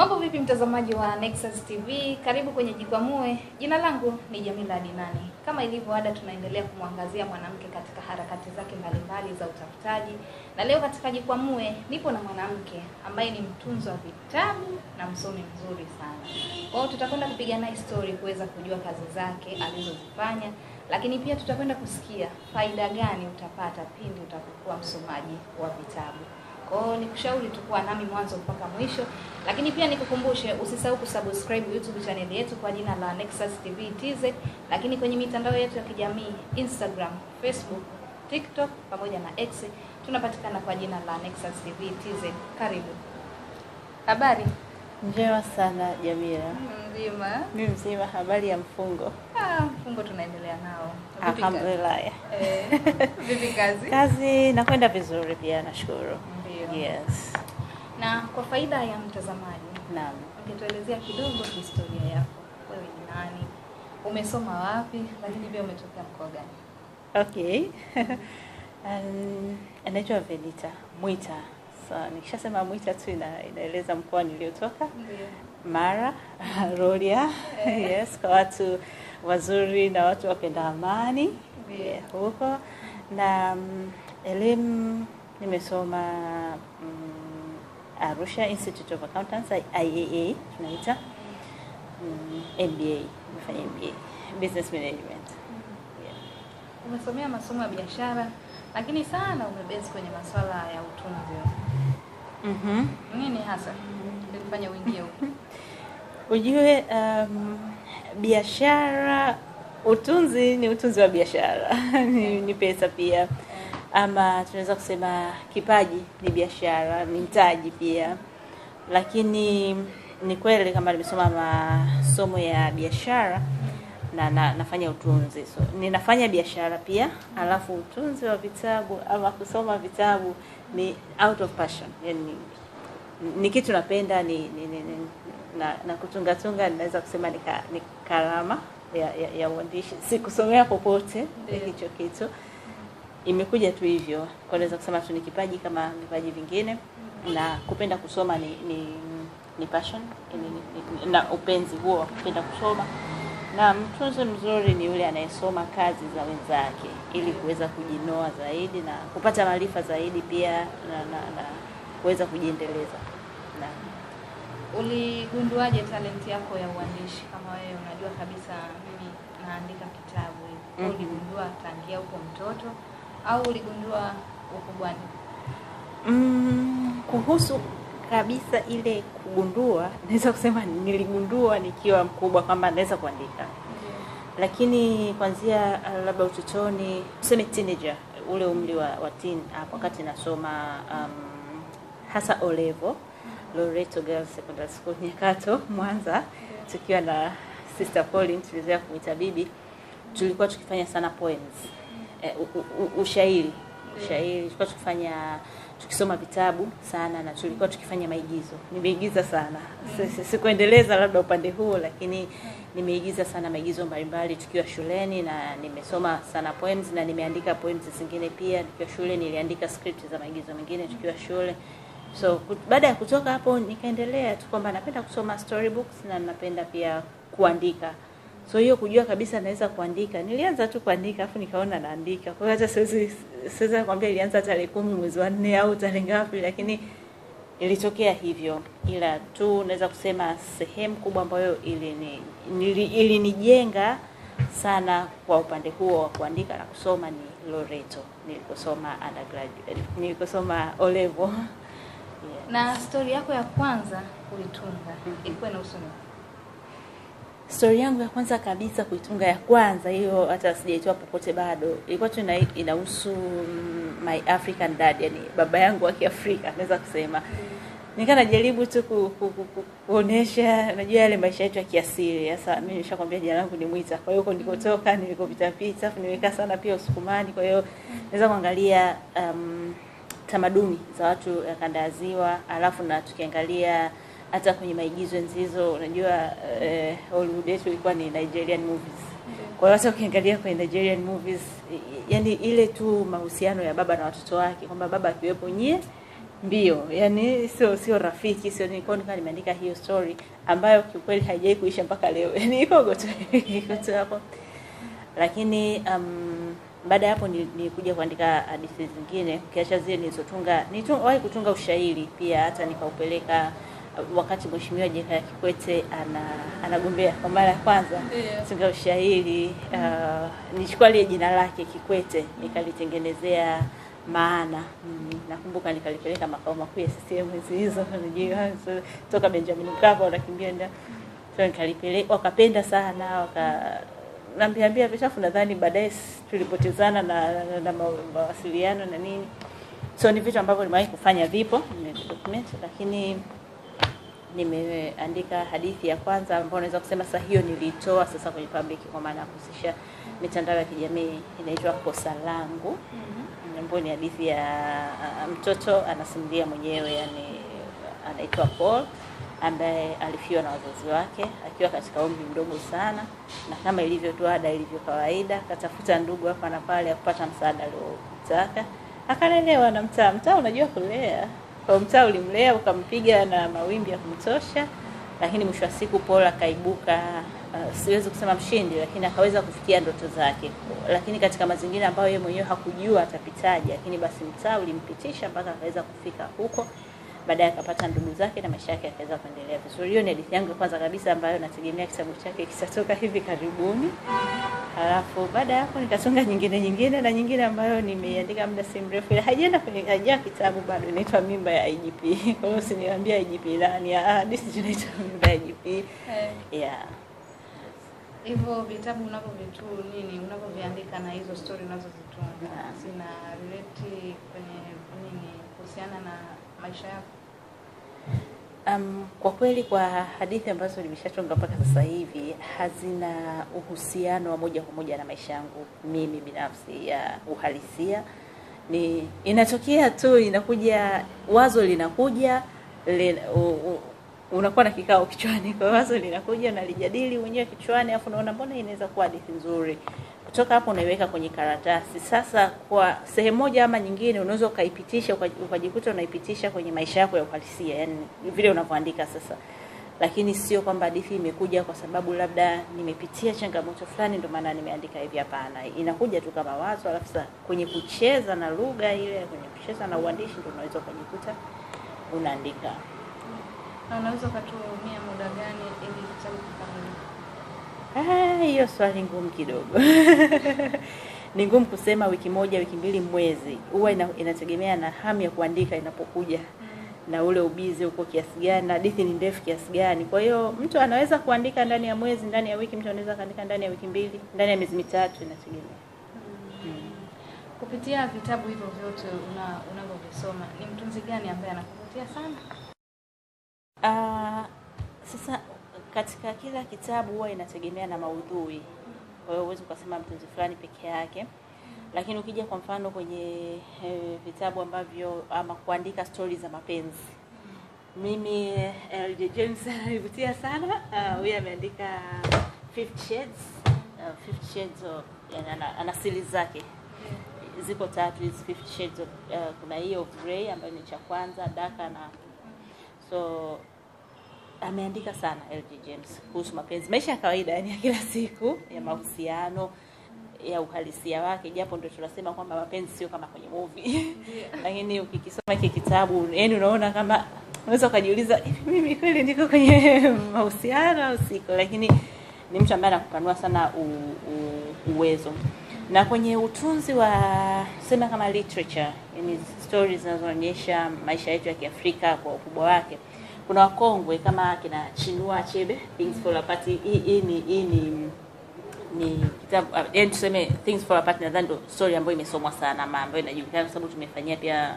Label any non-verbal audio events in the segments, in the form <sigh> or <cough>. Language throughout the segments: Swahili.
Mambo vipi mtazamaji wa Nexus TV? Karibu kwenye Jikwamue. Jina langu ni Jamila Dinani. Kama ilivyo ada, tunaendelea kumwangazia mwanamke katika harakati zake mbalimbali za utafutaji, na leo katika Jikwamue nipo na mwanamke ambaye ni mtunzi wa vitabu na msomi mzuri sana. kwao tutakwenda kupiga naye story kuweza kujua kazi zake alizozifanya, lakini pia tutakwenda kusikia faida gani utapata pindi utakapokuwa msomaji wa vitabu. Kwa hiyo nikushauri tu kuwa nami mwanzo mpaka mwisho, lakini pia nikukumbushe usisahau kusubscribe YouTube channel yetu kwa jina la Nexus TV TZ, lakini kwenye mitandao yetu ya kijamii Instagram, Facebook, TikTok pamoja na X tunapatikana kwa jina la Nexus TV TZ. Karibu. Habari? Njema sana Jamila. Mm, mzima. Mimi mzima. Habari ya mfungo? Ah, mfungo tunaendelea nao. Alhamdulillah. Eh, vipi kazi? <laughs> Kazi nakwenda vizuri pia nashukuru. Mm. Yes. Na kwa faida ya mtazamaji, naam, ungetuelezea kidogo historia yako, wewe ni nani, umesoma wapi, lakini pia umetokea mkoa gani? Okay. um, <laughs> anaitwa Venita Mwita. So, nikishasema Mwita tu ina, inaeleza mkoa niliotoka. Mara <laughs> Rorya. <laughs> Yes, kwa watu wazuri na watu wapenda amani. Yeah. Yeah, huko na mm, elimu nimesoma mm, Arusha Institute of Accountants IAA tunaita mm, MBA nimefanya MBA business management. Yeah. Mm-hmm. Umesomea masomo ya biashara lakini sana umebezi kwenye masuala ya utunzi. Mhm. Nini hasa ilikufanya uingie huko? <laughs> Ujue um, biashara utunzi ni utunzi wa biashara <laughs> ni, ni pesa pia ama tunaweza kusema kipaji ni biashara, ni mtaji pia. Lakini ni kweli kama nimesoma masomo ya biashara na, na nafanya utunzi so, ninafanya biashara pia, alafu utunzi wa vitabu ama kusoma vitabu ni out of passion, yani ni kitu napenda ni, ni, ni, ni na, na kutungatunga ninaweza kusema ni, ka, ni karama ya, ya, ya uandishi. Sikusomea popote hicho kitu imekuja tu hivyo, kwa naweza kusema tu ni kipaji kama vipaji vingine, na kupenda kusoma ni ni, ni passion ni, ni, ni, na upenzi huo wa kupenda kusoma. Na mtunzi mzuri ni yule anayesoma kazi za wenzake ili kuweza kujinoa zaidi na kupata maarifa zaidi pia na, na, na kuweza kujiendeleza. Na uligunduaje talenti yako ya uandishi? Kama wewe unajua kabisa mimi naandika kitabu hivi, mm -hmm. uligundua tangia huko mtoto au uligundua ukubwani? Mm, kuhusu kabisa ile kugundua, naweza kusema niligundua nikiwa mkubwa kwamba naweza kuandika lakini kwanzia uh, labda utotoni, tuseme teenager, ule umri wa, wa teen hapo, uh, wakati nasoma um, hasa olevo mm-hmm. Loreto Girls Secondary School Nyakato, Mwanza, tukiwa na Sister Pauline, tulizoea kumwita bibi, tulikuwa tukifanya sana poems eh, ushairi ushairi tulikuwa tukifanya tukisoma vitabu sana na tulikuwa tukifanya maigizo. Nimeigiza sana Sikuendeleza labda upande huo, lakini nimeigiza sana maigizo mbalimbali tukiwa shuleni, na nimesoma sana poems na nimeandika poems zingine pia tukiwa shule. Niliandika script za maigizo mengine tukiwa shule. So baada ya kutoka hapo, nikaendelea tu kwamba napenda kusoma storybooks na napenda pia kuandika. So hiyo kujua kabisa naweza kuandika, nilianza tu kuandika, afu nikaona naandika. Kwa hiyo hata siwezi siwezi kwambia ilianza tarehe kumi mwezi wa nne au tarehe ngapi, lakini ilitokea hivyo, ila tu naweza kusema sehemu kubwa ambayo ilinijenga sana kwa upande huo wa kuandika na kusoma ni Loreto nilikosoma undergraduate, nilikosoma olevo. Yes. Na stori yako ya kwanza ulitunga ilikuwa inahusu nini? Stori yangu ya kwanza kabisa kuitunga ya kwanza hiyo, hata sijaitoa popote bado, ilikuwa tu inahusu mm, my African dad, yani baba yangu wa Kiafrika naweza kusema nikaa najaribu tu ku, ku, ku, ku, kuonesha unajua yale maisha yetu ya kiasili. Sasa mimi nimeshakwambia jina langu ni Mwita, kwa hiyo huko nilikotoka nilikopita pita, afu nimekaa sana pia Usukumani, kwa hiyo naweza kuangalia um, tamaduni za watu ya kanda ya Ziwa, alafu na tukiangalia hata kwenye maigizo enzi unajua eh, Hollywood yetu ilikuwa ni Nigerian movies. Kwa hiyo hata ukiangalia kwenye Nigerian movies, yani ile tu mahusiano ya baba na watoto wake kwamba baba akiwepo nyie mbio, yani sio sio rafiki, sio ni kwa nikawa nimeandika hiyo story ambayo kiukweli haijai kuisha mpaka leo. Yani iko goto goto hapo. Lakini um, baada ya hapo nilikuja kuandika hadithi zingine ukiacha zile nilizotunga, wahi kutunga ushairi pia, hata nikaupeleka wakati Mheshimiwa Jakaya Kikwete ana, anagombea kwa mara ya kwanza yeah. Singa ushairi uh, nichukua lile jina lake Kikwete nikalitengenezea maana mm, nakumbuka nikalipeleka makao makuu ya CCM hizo hizo <laughs> unajua toka Benjamin Mkapa unakimbia ndio so nikalipeleka wakapenda sana waka nambiambia vishafu nadhani baadaye tulipotezana na, na, na mawasiliano na nini so ni vitu ambavyo nimewahi kufanya vipo nimedocument lakini nimeandika hadithi ya kwanza ambayo unaweza kusema sasa hiyo niliitoa sasa kwenye public kwa maana ya kuhusisha mitandao ya kijamii inaitwa Kosa Langu mm-hmm. ambayo ni hadithi ya uh, mtoto anasimulia mwenyewe, yani anaitwa Paul ambaye alifiwa na wazazi wake akiwa katika umri mdogo sana, na kama ilivyo tuada ilivyo kawaida, katafuta ndugu hapa na pale kupata msaada aliotaka, akalelewa na mtaa. Mtaa unajua kulea kwa mtaa ulimlea ukampiga na mawimbi ya kumtosha, lakini mwisho wa siku Paul akaibuka, uh, siwezi kusema mshindi, lakini akaweza kufikia ndoto zake, lakini katika mazingira ambayo yeye mwenyewe hakujua atapitaje, lakini basi mtaa ulimpitisha mpaka akaweza kufika huko. Baadaye akapata ndugu zake na maisha yake yakaweza kuendelea vizuri. Hiyo ni hadithi yangu ya kwanza kabisa ambayo nategemea kitabu chake kitatoka hivi karibuni halafu baada ya hapo nikasonga nyingine nyingine na nyingine ambayo nimeiandika muda si mrefu, haijaenda kwenye haijaa kitabu bado, inaitwa mimba ya IGP. Kwa hiyo usiniambia IGP lani, ah, ah, this tunaitwa mimba ya IGP hey. Eh. yeah hivyo vitabu unavyovitu nini unavyoviandika na hizo story unazozitunga zina relate kwenye nini kuhusiana na maisha yako? Um, kwa kweli kwa hadithi ambazo nimeshatunga mpaka sasa hivi hazina uhusiano wa moja kwa moja na maisha yangu mimi binafsi ya uhalisia. Ni inatokea tu, inakuja wazo linakuja lin, u, u, unakuwa na kikao kichwani kwa <laughs> wazo linakuja unalijadili mwenyewe kichwani, afu unaona mbona inaweza kuwa hadithi nzuri, kutoka hapo unaiweka kwenye karatasi. Sasa kwa sehemu moja ama nyingine, unaweza ukaipitisha ukajikuta unaipitisha kwenye maisha yako ya uhalisia, yani vile unavyoandika sasa, lakini sio kwamba hadithi imekuja kwa sababu labda nimepitia changamoto fulani ndio maana nimeandika hivi. Hapana, inakuja tu kama wazo, alafu sasa kwenye kucheza na lugha ile, kwenye kucheza na uandishi, ndio unaweza ukajikuta unaandika. Na unaweza ukatumia muda gani ili kitabu kikamilike? hiyo swali ngumu kidogo <laughs> ni ngumu kusema wiki moja, wiki mbili, mwezi. Huwa ina, inategemea na hamu ya kuandika inapokuja na ule ubizi uko kiasi gani, na hadithi ni ndefu kiasi gani. Kwa hiyo mtu anaweza kuandika ndani ya mwezi, ndani ya wiki, mtu anaweza kuandika ndani ya wiki mbili, ndani ya miezi mitatu, inategemea mm. mm. Kupitia vitabu hivyo vyote una, unavyovisoma, ni mtunzi gani ambaye anakuvutia sana? Uh, sasa katika kila kitabu huwa inategemea na maudhui. Kwa hiyo huwezi ukasema mtunzi fulani peke yake, lakini ukija kwa mfano kwenye e, vitabu ambavyo ama kuandika stori za mapenzi mimi eh, LJ James <laughs> anavutia sana. Ah, huyu uh, ameandika Fifty Shades uh, ah, Fifty Shades of, yani ana siri zake ziko tatu hizi Fifty Shades of, uh, kuna hiyo of Grey ambayo ni cha kwanza, Daka na so ameandika sana LG James kuhusu mapenzi, maisha ya kawaida, yani ya kila siku ya mahusiano ya uhalisia wake, japo ndio tunasema kwamba mapenzi sio kama kwenye movie <laughs> lakini ukikisoma hiki kitabu, yani unaona kama unaweza ukajiuliza, mimi kweli niko kwenye <laughs> mahusiano au siko? Lakini ni mtu ambaye anakupanua sana u, u, uwezo na kwenye utunzi wa sema kama literature, yani stories zinazoonyesha maisha yetu ya Kiafrika kwa ukubwa wake kuna wakongwe kama kina Chinua Achebe Things Fall Apart. Hii ni hii ni ni kitabu uh, tuseme Things Fall Apart, nadhani ndo story ambayo imesomwa sana na ambayo inajulikana kwa sababu tumefanyia pia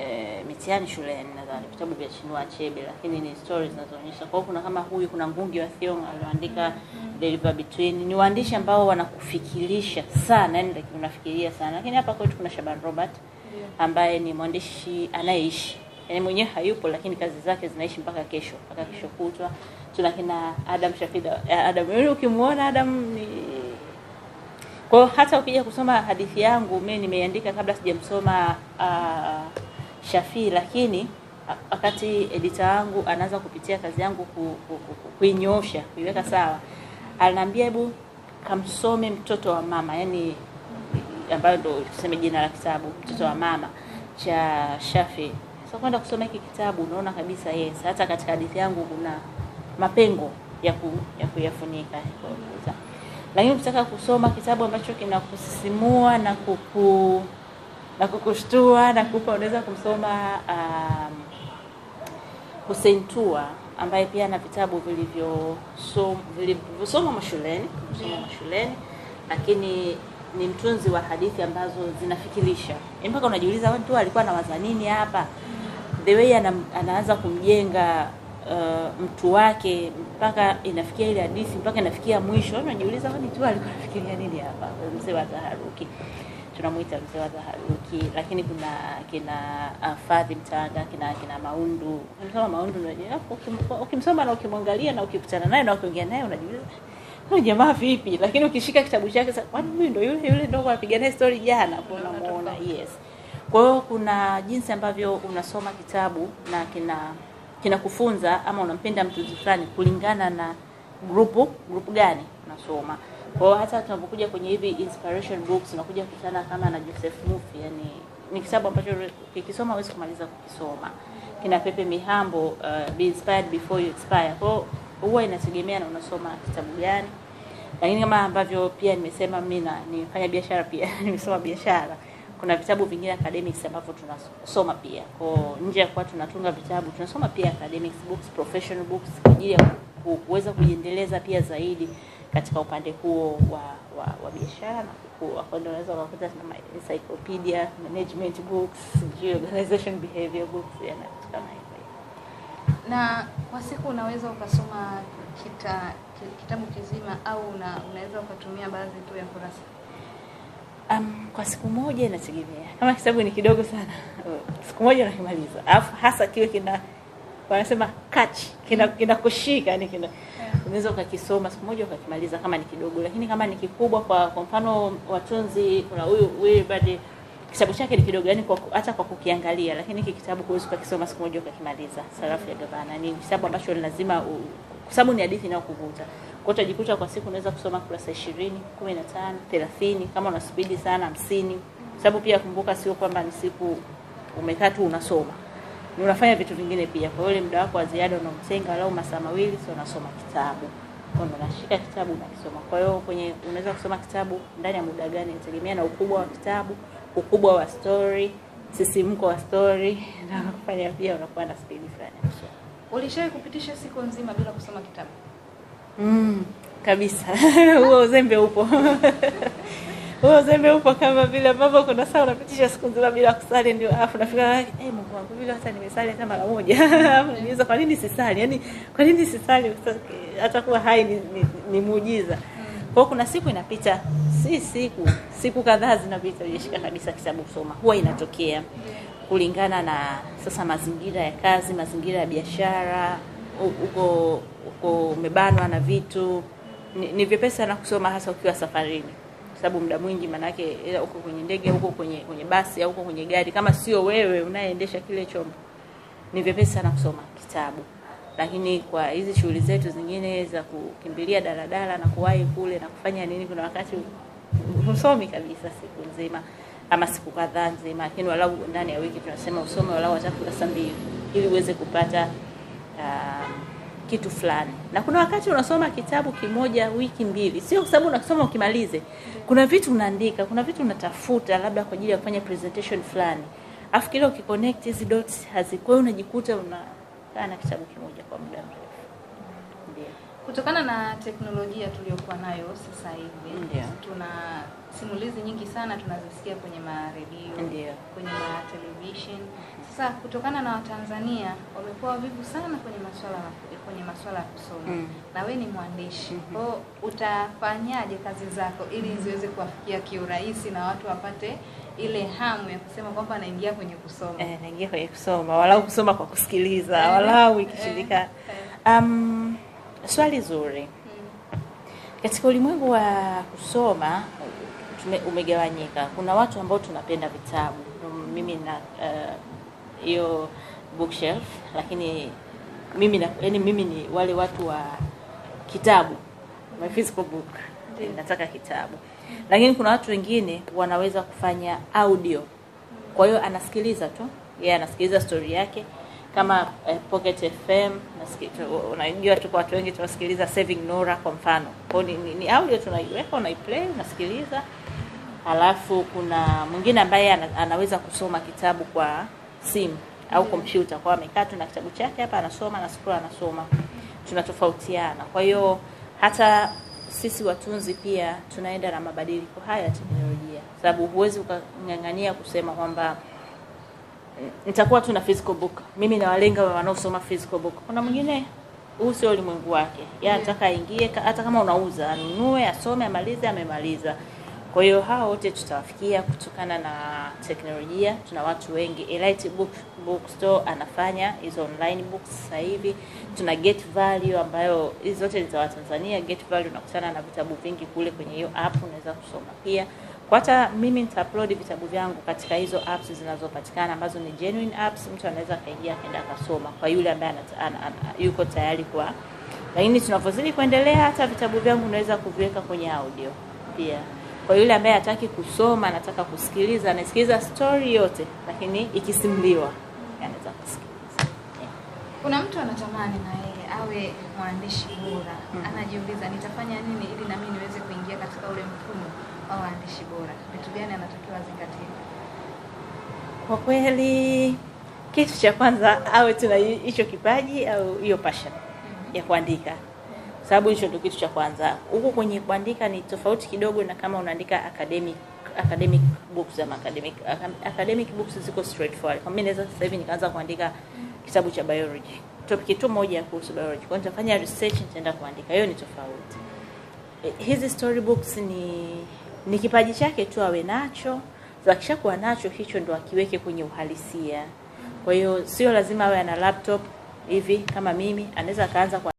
e, mitihani shuleni, nadhani vitabu vya Chinua Achebe, lakini ni stories zinazoonyesha. Kwa hiyo kuna kama huyu, kuna Ngugi wa Thiong'o alioandika mm. The River Between. Ni waandishi ambao wanakufikirisha sana, yani unafikiria sana. Lakini hapa kwetu kuna Shaban Robert ambaye ni mwandishi anayeishi yani mwenyewe hayupo, lakini kazi zake zinaishi mpaka kesho mpaka kesho kutwa. Tuna kina Adam Shafida, eh, Adam wewe ukimuona Adam ni kwa hata ukija kusoma hadithi yangu mimi nimeandika kabla sijamsoma uh, ah, Shafii, lakini wakati edita wangu anaanza kupitia kazi yangu ku, ku, ku, ku, kuinyosha kuiweka sawa, ananiambia hebu kamsome mtoto wa mama, yani ambayo ndo tuseme jina la kitabu mtoto wa mama cha Shafii sasa kwenda kusoma hiki kitabu unaona kabisa yes, hata katika hadithi yangu kuna mapengo ya, ku, ya kuyafunika kuta. Lakini ukitaka kusoma kitabu ambacho kinakusisimua na kuku na kukushtua na kupa, unaweza kumsoma um, Hussein ambaye pia na vitabu vilivyosomwa vilivyo mashuleni kusoma mashuleni, lakini ni mtunzi wa hadithi ambazo zinafikirisha mpaka unajiuliza tu alikuwa anawaza nini hapa the way ana, anaanza kumjenga uh, mtu wake mpaka inafikia ile hadithi mpaka inafikia mwisho, unajiuliza kwani tu alikuwa anafikiria nini hapa mzee wa taharuki tunamuita mzee wa taharuki, lakini kuna kina uh, Fadhi Mtanga, kina kina Maundu. kama Maundu ukimsoma na ukimwangalia na ukikutana naye na ukiongea naye unajiuliza huyu jamaa vipi, lakini ukishika kitabu chake sasa, kwani huyu ndio yule yule ndio apigania story jana, hapo unamuona yes kwa hiyo kuna jinsi ambavyo unasoma kitabu na kina kinakufunza ama unampenda mtunzi fulani kulingana na grupu grupu gani unasoma. Kwa hiyo hata tunapokuja kwenye hivi inspiration books unakuja kukutana kama na Joseph Murphy, yani ni kitabu ambacho ukikisoma huwezi kumaliza kukisoma. Kina Pepe Mihambo, uh, Be Inspired Before You Expire. Kwa hiyo huwa inategemea na unasoma kitabu gani. Lakini kama ambavyo pia nimesema mimi nimefanya biashara pia <laughs> nimesoma biashara kuna vitabu vingine academics ambavyo tunasoma pia. Kwa nje ya kuwa tunatunga vitabu, tunasoma pia academics books, professional books kwa ajili ya kuweza kujiendeleza pia zaidi katika upande huo wa wa, wa biashara na kukua. Kwa ndio unaweza ukakuta tuna encyclopedia, management books, organization behavior books na vitu kama hivyo. Na kwa siku unaweza ukasoma kita, kitabu kizima au una, unaweza ukatumia baadhi tu ya kurasa Um, kwa siku moja inategemea, kama kitabu ni kidogo sana siku moja unakimaliza, alafu hasa kiwe kina wanasema catch kina, kina kushika yani kina yeah. Unaweza ukakisoma siku moja ukakimaliza kama ni kidogo, lakini kama ni kikubwa, kwa kwa mfano watunzi, kuna huyu huyu bado kitabu chake ni kidogo yani kwa, hata kwa kukiangalia, lakini hiki kitabu huwezi ukakisoma siku moja ukakimaliza. Sarafu ya Gavana ni kitabu ambacho lazima, kwa sababu ni hadithi inayokuvuta kwa hiyo utajikuta kwa siku unaweza kusoma kurasa 20, 15, 30 kama una spidi sana 50. Sababu pia kumbuka, sio kwamba ni siku umekaa tu unasoma. Ni unafanya vitu vingine pia. Kwa hiyo muda wako wa ziada unamtenga walau masaa mawili sio unasoma kitabu. Kwa hiyo unashika kitabu na kusoma. Kwa hiyo kwenye unaweza kusoma kitabu ndani ya muda gani inategemea na ukubwa wa kitabu, ukubwa wa story, sisimko wa story <laughs> na kufanya pia unakuwa na spidi fulani. Ulishawahi kupitisha siku nzima bila kusoma kitabu? mm, kabisa <laughs> huo uzembe upo <laughs> huo uzembe upo, kama vile ambavyo kuna saa unapitisha siku nzima bila kusali, ndio alafu nafika eh, hey, Mungu wangu, vile hata nimesali hata mara moja <laughs> alafu niuliza kwa nini sisali, yani kwa nini sisali hata kuwa hai ni, ni, ni muujiza kwa kuna siku inapita, si siku, siku kadhaa zinapita, ujashika kabisa kitabu kusoma. Huwa inatokea kulingana na sasa mazingira ya kazi, mazingira ya biashara uko uko umebanwa na vitu ni, ni vyepesi sana kusoma hasa ukiwa safarini sababu muda mwingi manake uko kwenye ndege uko kwenye kwenye basi au uko kwenye gari kama sio wewe unayeendesha kile chombo ni vyepesi sana kusoma kitabu lakini kwa hizi shughuli zetu zingine za kukimbilia daladala na kuwahi kule na kufanya nini kuna wakati husomi kabisa siku nzima ama siku kadhaa nzima lakini walau ndani ya wiki tunasema usome walau hata kurasa mbili ili uweze kupata Um, kitu fulani. Na kuna wakati unasoma kitabu kimoja wiki mbili, sio kwa sababu unasoma ukimalize. Kuna vitu unaandika, kuna vitu unatafuta labda kwa ajili ya kufanya presentation fulani, afu kile ukiconnect hizi dots hazikuwa, unajikuta unakaa na kitabu kimoja kwa muda mrefu. kutokana na teknolojia tuliyokuwa nayo sasa hivi, tuna simulizi nyingi sana tunazisikia kwenye maredio, kwenye ma television sasa kutokana na Watanzania wamekuwa vivu sana kwenye masuala kwenye masuala ya kusoma mm. na we ni mwandishi mm -hmm. utafanyaje kazi zako ili mm-hmm. ziweze kuwafikia kiurahisi na watu wapate ile hamu ya kusema kwamba naingia kwenye kusoma eh, naingia kwenye kusoma walau kusoma kwa kusikiliza eh, walau ikishindikana eh, eh. um, swali zuri mm. katika ulimwengu wa kusoma umegawanyika kuna watu ambao tunapenda vitabu mimi na uh, hiyo bookshelf, lakini mimi na, yani mimi ni wale watu wa kitabu, my physical book yeah. Nataka kitabu, lakini kuna watu wengine wanaweza kufanya audio, kwa hiyo anasikiliza tu yeye, yeah, anasikiliza story yake kama eh, Pocket FM unajua, tuko watu wengi tunasikiliza Saving Nora kwa mfano. Kwa ni, ni, ni audio tunaiweka, unaiplay, unasikiliza. Alafu kuna mwingine ambaye ana, anaweza kusoma kitabu kwa simu au kompyuta, kwa amekaa tu na kitabu chake hapa anasoma na scroll anasoma, tunatofautiana. Kwa hiyo hata sisi watunzi pia tunaenda na mabadiliko haya ya teknolojia, sababu huwezi ukang'ang'ania kusema kwamba mm, nitakuwa tu na physical book. Mimi nawalenga wanaosoma physical book. Kuna mwingine huu sio ulimwengu wake, yeye anataka aingie, hata kama unauza anunue, asome, amalize, amemaliza. Kwa hiyo hao wote tutawafikia kutokana na teknolojia. Tuna watu wengi, Elite Book Bookstore anafanya hizo online books sasa hivi. Tuna Get Value ambayo hizo zote ni za Watanzania. Get Value unakutana na vitabu vingi kule kwenye hiyo app, unaweza kusoma pia kwa hata mimi nitaupload vitabu vyangu katika hizo apps zinazopatikana ambazo ni genuine apps, mtu anaweza akaingia akaenda akasoma kwa yule ambaye an, an, yuko tayari kwa. Lakini tunavyozidi kuendelea, hata vitabu vyangu unaweza kuviweka kwenye audio pia. Kwa yule ambaye hataki kusoma, anataka kusikiliza, anasikiliza story yote, lakini ikisimuliwa anaweza kusikiliza. Kuna mtu anatamani na yeye awe mwandishi bora hmm. Anajiuliza, nitafanya nini ili nami niweze kuingia katika ule mfumo wa waandishi bora? Vitu gani anatakiwa azingatie? Kwa kweli, kitu cha kwanza awe tuna hicho kipaji au hiyo passion hmm. ya kuandika sababu hicho ndio kitu cha kwanza. Huku kwenye kuandika ni tofauti kidogo na kama unaandika academic academic books ama academic academic books ziko straightforward. Kwa mimi naweza sasa hivi nikaanza kuandika kitabu cha biology, topic tu moja kuhusu biology, kwa nitafanya research, nitaenda kuandika. Hiyo ni tofauti. Eh, hizi story books ni ni kipaji chake tu awe nacho, kuwa nacho hicho ndo akiweke kwenye uhalisia. Kwa hiyo sio lazima awe ana laptop hivi kama mimi, anaweza akaanza